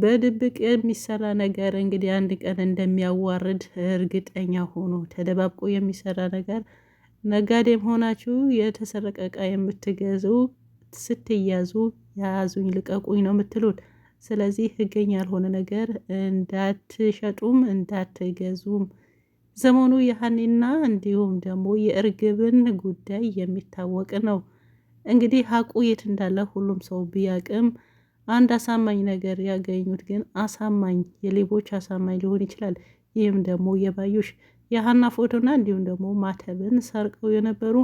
በድብቅ የሚሰራ ነገር እንግዲህ አንድ ቀን እንደሚያዋርድ እርግጠኛ ሆኖ ተደባብቆ የሚሰራ ነገር ነጋዴም ሆናችሁ የተሰረቀ እቃ የምትገዙ ስትያዙ ያዙኝ ልቀቁኝ ነው የምትሉት። ስለዚህ ህገኛ ያልሆነ ነገር እንዳትሸጡም እንዳትገዙም። ዘመኑ የሀኒና እንዲሁም ደግሞ የእርግብን ጉዳይ የሚታወቅ ነው። እንግዲህ ሀቁ የት እንዳለ ሁሉም ሰው ቢያቅም አንድ አሳማኝ ነገር ያገኙት ግን አሳማኝ የሌቦች አሳማኝ ሊሆን ይችላል። ይህም ደግሞ የባዮሽ የሀና ፎቶና እንዲሁም ደግሞ ማተብን ሰርቀው የነበሩ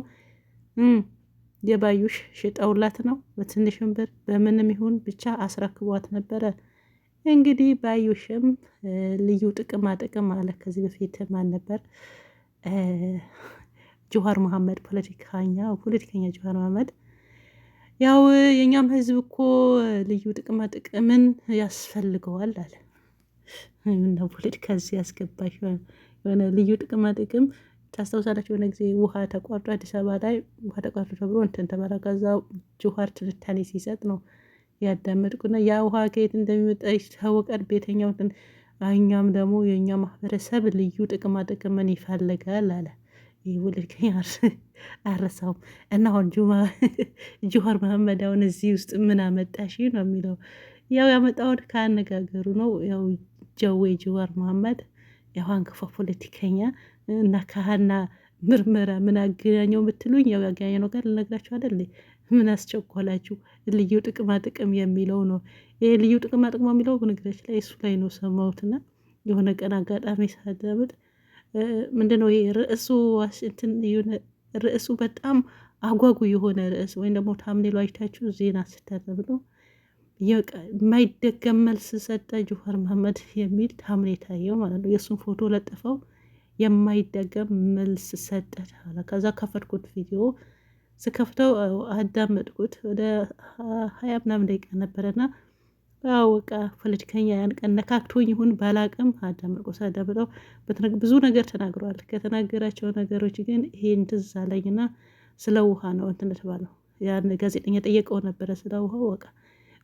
የባዮሽ ሽጠውላት ነው። በትንሽም ብር በምንም ይሁን ብቻ አስረክቧት ነበረ። እንግዲህ ባዮሽም ልዩ ጥቅማ ጥቅም አለ። ከዚህ በፊት ማን ነበር? ጆሀር መሐመድ ፖለቲከኛ ፖለቲከኛ ጆሀር መሐመድ ያው የእኛም ህዝብ እኮ ልዩ ጥቅማ ጥቅምን ያስፈልገዋል አለ። ምናወለድ ከዚህ ያስገባሽ የሆነ ልዩ ጥቅማ ጥቅም ታስታውሳላችሁ? የሆነ ጊዜ ውሃ ተቋርጦ አዲስ አበባ ላይ ውሃ ተቋርጦ ተብሎ እንትን ተባለ። ከዛ ጆሀር ትንታኔ ሲሰጥ ነው ያዳመጥኩና ያ ውሃ ከየት እንደሚመጣ ይታወቃል። ቤተኛው እኛም ደግሞ የእኛ ማህበረሰብ ልዩ ጥቅማ ጥቅምን ይፈልጋል አለ። ውልድ አረሳውም እና አሁን ጁዋር መሐመድ አሁን እዚህ ውስጥ ምን አመጣሽ ነው የሚለው። ያው ያመጣውን ከአነጋገሩ ነው። ያው ጀዌ ጁዋር መሐመድ ያው አንክፋ ፖለቲከኛ እና ካህና ምርመራ ምን አገናኘው ምትሉኝ፣ ያው ነው ጋር ልነግራችሁ አይደል? ምን አስቸኮላችሁ? ልዩ ጥቅማ ጥቅም የሚለው ነው። ይሄ ልዩ ጥቅማ ጥቅም የሚለው በነገራችን ላይ እሱ ላይ ነው ሰማሁትና የሆነ ቀን አጋጣሚ ሳዳምጥ ምንድነው ይሄ ርዕሱ ዋሽንትን ርዕሱ በጣም አጓጉ የሆነ ርዕስ ወይም ደግሞ ታምኔሉ አይታችሁ ዜና ስተርብ ነው የማይደገም መልስ ሰጠ ጆሀር መሀመድ የሚል ታምኔ ታየው ማለት ነው። የእሱን ፎቶ ለጥፈው የማይደገም መልስ ሰጠ ተባለ። ከዛ ከፈትኩት ቪዲዮ ስከፍተው አዳመጥኩት ወደ ሀያ ምናምን ደቂቃ ነበረና በአወቃ ፖለቲከኛ ያን ቀን ነካክቶኝ ይሁን ባላቅም አዳምርቆስ አዳምጠው ብዙ ነገር ተናግሯል። ከተናገራቸው ነገሮች ግን ይሄን ትዝ አለኝና ስለ ውሃ ነው እንትን የተባለው ያን ጋዜጠኛ ጠየቀው ነበረ ስለ ውሃው በቃ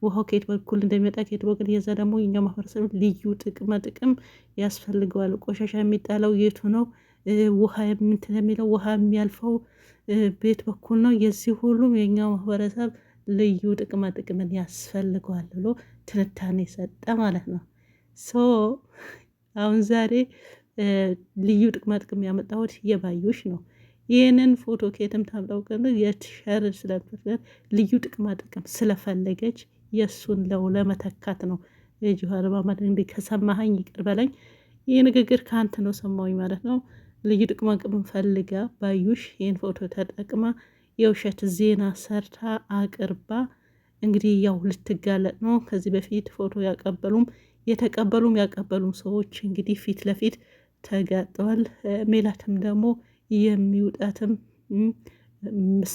ውሃው ከየት በኩል እንደሚመጣ ከየት በኩል እየዛ ደግሞ የኛው ማህበረሰብ ልዩ ጥቅመ ጥቅም ያስፈልገዋል። ቆሻሻ የሚጣለው የቱ ነው? ውሃ የምንትን የሚለው ውሃ የሚያልፈው ቤት በኩል ነው። የዚህ ሁሉም የኛው ማህበረሰብ ልዩ ጥቅመ ጥቅምን ያስፈልገዋል ብሎ ትንታኔ ሰጠ ማለት ነው። ሶ አሁን ዛሬ ልዩ ጥቅመ ጥቅም ያመጣሁት የባዩሽ ነው። ይህንን ፎቶ ከየትም ታምጣው ቀን የትሸር ስለምትፈቅደር ልዩ ጥቅማ ጥቅም ስለፈለገች የእሱን ለው ለመተካት ነው። ጆሀር ማማድ እንግዲህ ከሰማኸኝ ይቅር በለኝ። ይህ ንግግር ከአንተ ነው ሰማኝ ማለት ነው። ልዩ ጥቅማ ጥቅም ፈልጋ ባዩሽ ይህን ፎቶ ተጠቅማ የውሸት ዜና ሰርታ አቅርባ እንግዲህ ያው ልትጋለጥ ነው። ከዚህ በፊት ፎቶ ያቀበሉም የተቀበሉም ያቀበሉም ሰዎች እንግዲህ ፊት ለፊት ተጋጠዋል። ሜላትም ደግሞ የሚውጣትም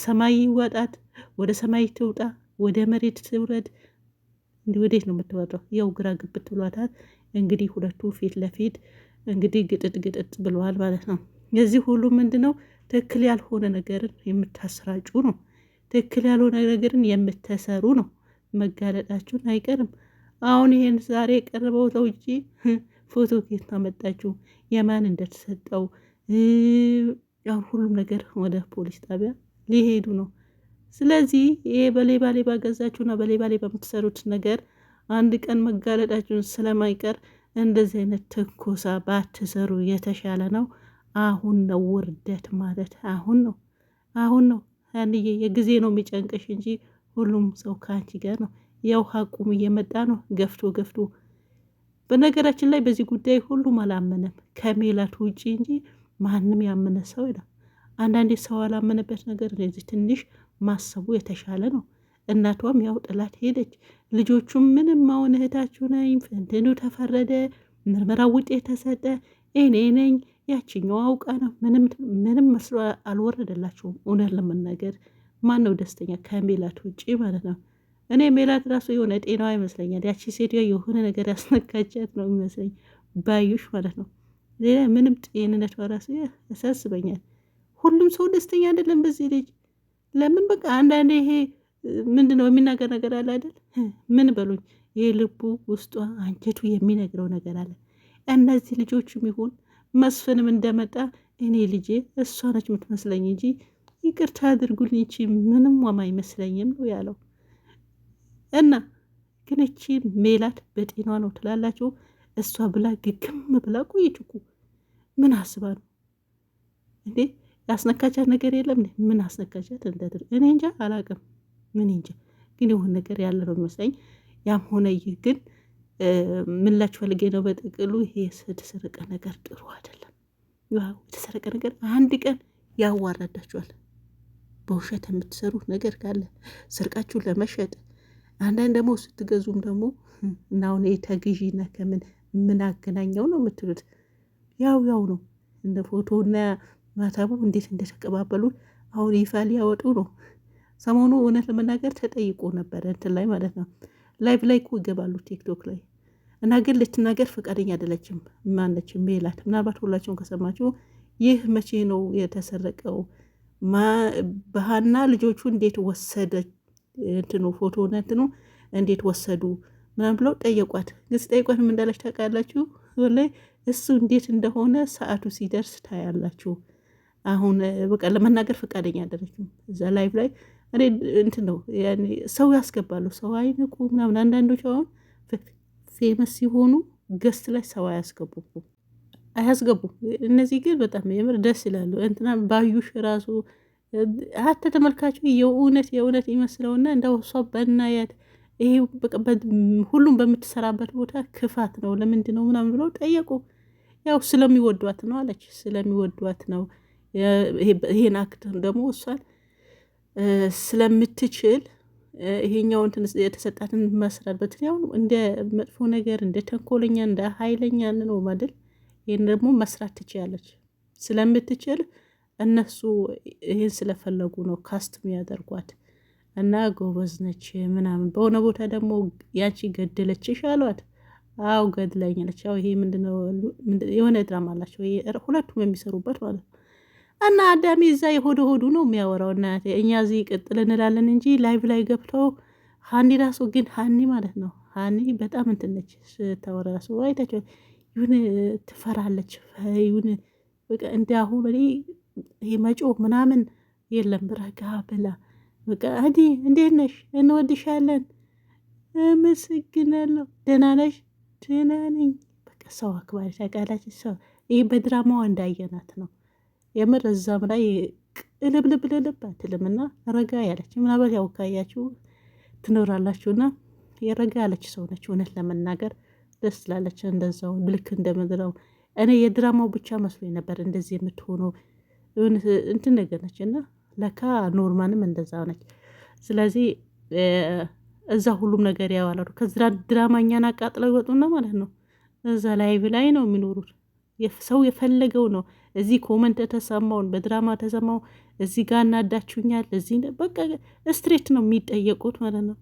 ሰማይ ይወጣት፣ ወደ ሰማይ ትውጣ፣ ወደ መሬት ትውረድ፣ እንዲህ ወዴት ነው የምትወጣው? ያው ግራ ግብት ብሏታል። እንግዲህ ሁለቱ ፊት ለፊት እንግዲህ ግጥጥ ግጥጥ ብለዋል ማለት ነው። የዚህ ሁሉ ምንድን ነው ትክክል ያልሆነ ነገርን የምታሰራጩ ነው። ትክክል ያልሆነ ነገርን የምትሰሩ ነው። መጋለጣችሁን አይቀርም። አሁን ይሄን ዛሬ የቀረበው ሰውዬ ፎቶ ኬት ታመጣችሁ? የማን እንደተሰጠው አሁን ሁሉም ነገር ወደ ፖሊስ ጣቢያ ሊሄዱ ነው። ስለዚህ ይሄ በሌባ ሌባ ገዛችሁና በሌባ ሌባ ነገር አንድ ቀን መጋለጣችሁን ስለማይቀር እንደዚህ አይነት ትንኮሳ ባትሰሩ የተሻለ ነው። አሁን ነው ውርደት ማለት አሁን ነው አሁን ነው ሀንዬ የጊዜ ነው የሚጨንቅሽ እንጂ ሁሉም ሰው ከአንቺ ጋር ነው። ያው ሀቁም እየመጣ ነው ገፍቶ ገፍቶ። በነገራችን ላይ በዚህ ጉዳይ ሁሉም አላመነም ከሜላት ውጭ እንጂ ማንም ያመነ ሰው ይላል። አንዳንዴ ሰው አላመነበት ነገር እንደዚህ ትንሽ ማሰቡ የተሻለ ነው። እናቷም ያው ጥላት ሄደች። ልጆቹም ምንም አሁን እህታችሁ ነኝ፣ ፍንትኑ ተፈረደ፣ ምርመራ ውጤት ተሰጠ፣ እኔ ነኝ ያችኛው አውቃ ነው። ምንም መስሎ አልወረደላችሁም። እውነት ለመናገር ማን ነው ደስተኛ ከሜላት ውጭ ማለት ነው? እኔ ሜላት ራሱ የሆነ ጤናዋ ይመስለኛል። ያቺ ሴትዮ የሆነ ነገር ያስነካቻት ነው ይመስለኝ ባዩሽ ማለት ነው። ሌላ ምንም ጤንነት ራሱ ያሳስበኛል። ሁሉም ሰው ደስተኛ አይደለም በዚህ ልጅ። ለምን በቃ አንዳንዴ ይሄ ምንድን ነው የሚናገር ነገር አለ አይደል? ምን በሉኝ፣ ይሄ ልቡ ውስጧ አንጀቱ የሚነግረው ነገር አለ። እነዚህ ልጆች ይሁን መስፍንም እንደመጣ እኔ ልጄ እሷ ነች የምትመስለኝ እንጂ ይቅርታ አድርጉልኝ፣ ይቺ ምንም ወማ አይመስለኝም ነው ያለው። እና ግን እቺ ሜላት በጤናዋ ነው ትላላችሁ? እሷ ብላ ግግም ብላ ቆየች እኮ ምን አስባ ነው እንዴ? ያስነካቻት ነገር የለም። ምን አስነካቻት እንዳድር እኔ እንጃ አላቅም። ምን እንጃ ግን የሆነ ነገር ያለ ነው የሚመስለኝ። ያም ሆነ ይህ ግን ምላችሁ ፈልጌ ነው። በጥቅሉ ይሄ የተሰረቀ ነገር ጥሩ አይደለም። የተሰረቀ ነገር አንድ ቀን ያዋረዳችኋል። በውሸት የምትሰሩት ነገር ካለ ስርቃችሁ ለመሸጥ አንዳንድ ደግሞ ስትገዙም ደግሞ እና አሁን ተግዢና ከምን ምን አገናኘው ነው የምትሉት። ያው ያው ነው እንደ ፎቶና ማታቡ እንዴት እንደተቀባበሉ አሁን ይፋ ሊያወጡ ነው። ሰሞኑ እውነት ለመናገር ተጠይቆ ነበረ እንትን ላይ ማለት ነው ላይቭ ላይ እኮ ይገባሉ ቲክቶክ ላይ እና ግን ልትናገር ፈቃደኛ አይደለችም። ማነች ሜላት? ምናልባት ሁላቸውን ከሰማችሁ ይህ መቼ ነው የተሰረቀው? ባህና ልጆቹ እንዴት ወሰደ እንትኑ ፎቶ እንትኑ እንዴት ወሰዱ ምናምን ብለው ጠየቋት። ግን ስጠይቋት ምን እንዳለች ታውቃላችሁ? ላይ እሱ እንዴት እንደሆነ ሰዓቱ ሲደርስ ታያላችሁ። አሁን በቃ ለመናገር ፈቃደኛ አይደለችም እዛ ላይቭ ላይ እኔ እንትን ነው ሰው ያስገባሉ። ሰው አይንቁ ምናምን። አንዳንዶች አሁን ፌመስ ሲሆኑ ገስት ላይ ሰው አያስገቡም አያስገቡም። እነዚህ ግን በጣም የምር ደስ ይላሉ። እንትና ባዩሽ ራሱ ሀተ ተመልካቹ የእውነት የእውነት ይመስለውና እንደው እሷ በናያት ይሄ ሁሉም በምትሰራበት ቦታ ክፋት ነው ለምንድን ነው ምናምን ብለው ጠየቁ። ያው ስለሚወዷት ነው አለች። ስለሚወዷት ነው ይሄን አክት ደግሞ እሷን ስለምትችል ይሄኛው እንትን የተሰጣትን መስራት በትኛው እንደ መጥፎ ነገር እንደ ተንኮለኛ እንደ ኃይለኛ ነው ማድል ይህን ደግሞ መስራት ትችላለች ስለምትችል እነሱ ይህን ስለፈለጉ ነው ካስትም ያደርጓት እና ጎበዝ ነች ምናምን። በሆነ ቦታ ደግሞ ያቺ ገደለችሽ አሏት። አዎ ገድላኛለች። ይሄ ምንድነው? የሆነ ድራማ አላቸው ሁለቱም የሚሰሩበት ማለት ነው። እና አዳሚ እዛ የሆደ ሆዱ ነው የሚያወራው። እናቴ እኛ እዚህ ቅጥል እንላለን እንጂ ላይቭ ላይ ገብተው ሀኒ ራሱ ግን ሀኒ ማለት ነው ሀኒ በጣም እንትነች ነች። ስታወራ ራሱ አይታቸው ይሁን ትፈራለች። ይሁን በቃ እንደ አሁን የመጮ ምናምን የለም ረጋ ብላ በቃ አዲ እንዴት ነሽ? እንወድሻለን። አመሰግናለሁ። ደህና ነሽ? ደህና ነኝ። በቃ ሰው አክባሪ ታውቃላችሁ። ሰው ይህ በድራማዋ እንዳየናት ነው የምር እዛም ላይ ቅልብልብልልብ አትልምና ረጋ ያለች ምናልባት ያው ካያችሁ ትኖራላችሁና የረጋ ያለች ሰው ነች። እውነት ለመናገር ደስ ስላለች እንደዛው ልክ እንደምንለው እኔ የድራማው ብቻ መስሎኝ ነበር እንደዚህ የምትሆኑ እንትን ነገር ነች እና ለካ ኖርማንም እንደዛ ነች። ስለዚህ እዛ ሁሉም ነገር ያዋላሉ። ከዚ ድራማኛን አቃጥለው ይወጡና ማለት ነው እዛ ላይቭ ላይ ነው የሚኖሩት። ሰው የፈለገው ነው። እዚህ ኮመንት ተሰማውን በድራማ ተሰማው እዚህ ጋር እናዳችሁኛል እዚህ በቃ ስትሬት ነው የሚጠየቁት ማለት ነው።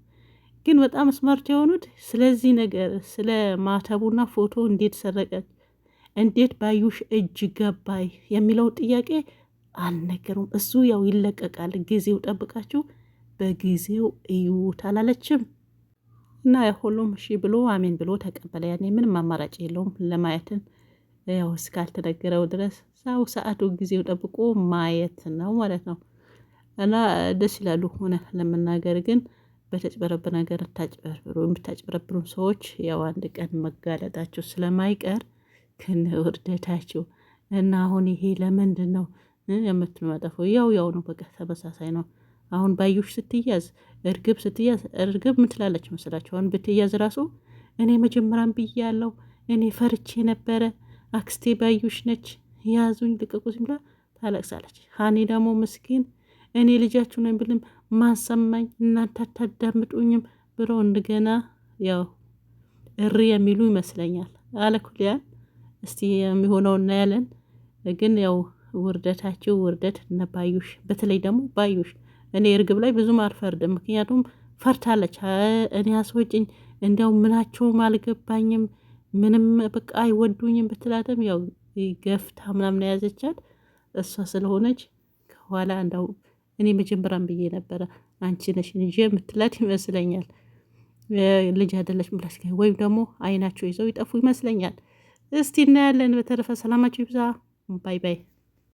ግን በጣም ስማርት የሆኑት ስለዚህ ነገር ስለ ማተቡና ፎቶ እንዴት ሰረቀች፣ እንዴት ባዩሽ እጅ ገባይ የሚለው ጥያቄ አልነገሩም። እሱ ያው ይለቀቃል፣ ጊዜው ጠብቃችሁ በጊዜው እዩት አላለችም። እና ሁሉም እሺ ብሎ አሜን ብሎ ተቀበለ። ያኔ ምንም አማራጭ የለውም ለማየትን ያው እስካልተነገረው ድረስ ሰው ሰዓቱ ጊዜው ጠብቆ ማየት ነው ማለት ነው። እና ደስ ይላሉ። ሆነ ለመናገር ግን በተጭበረበ ነገር ታጭበረብሩ የምታጭበረብሩን ሰዎች ያው አንድ ቀን መጋለጣቸው ስለማይቀር ከነ ውርደታቸው እና አሁን ይሄ ለምንድን ነው የምትመጠፈው? ያው ያው ነው በቃ ተመሳሳይ ነው። አሁን ባዩሽ ስትያዝ እርግብ ስትያዝ እርግብ ምን ትላለች መሰላችሁ? አሁን ብትያዝ ራሱ እኔ መጀመሪያም ብያለው እኔ ፈርቼ ነበረ አክስቴ ባዩሽ ነች ያዙኝ ልቀቁ ብላ ታለቅሳለች። ሀኒ ደግሞ ምስኪን እኔ ልጃችሁ ነኝ ብልም ማንሰማኝ እናንተ አታዳምጡኝም ብሎ እንደገና ያው እሪ የሚሉ ይመስለኛል። አለኩልያን እስቲ የሚሆነው እናያለን። ግን ያው ውርደታችሁ ውርደት እነ ባዩሽ፣ በተለይ ደግሞ ባዩሽ እኔ እርግብ ላይ ብዙም አልፈርድም። ምክንያቱም ፈርታለች። እኔ አስወጭኝ እንዲያው ምናቸውም አልገባኝም ምንም በቃ አይወዱኝም ብትላትም ያው ገፍታ ምናምን የያዘቻት እሷ ስለሆነች ከኋላ እንዳው እኔ መጀመሪያም ብዬ ነበረ አንቺ ነሽ ልጄ የምትላት ይመስለኛል። ልጅ አይደለች ምላስ ወይም ደግሞ አይናቸው ይዘው ይጠፉ ይመስለኛል። እስቲ እናያለን። በተረፈ ሰላማቸው ይብዛ። ባይ ባይ።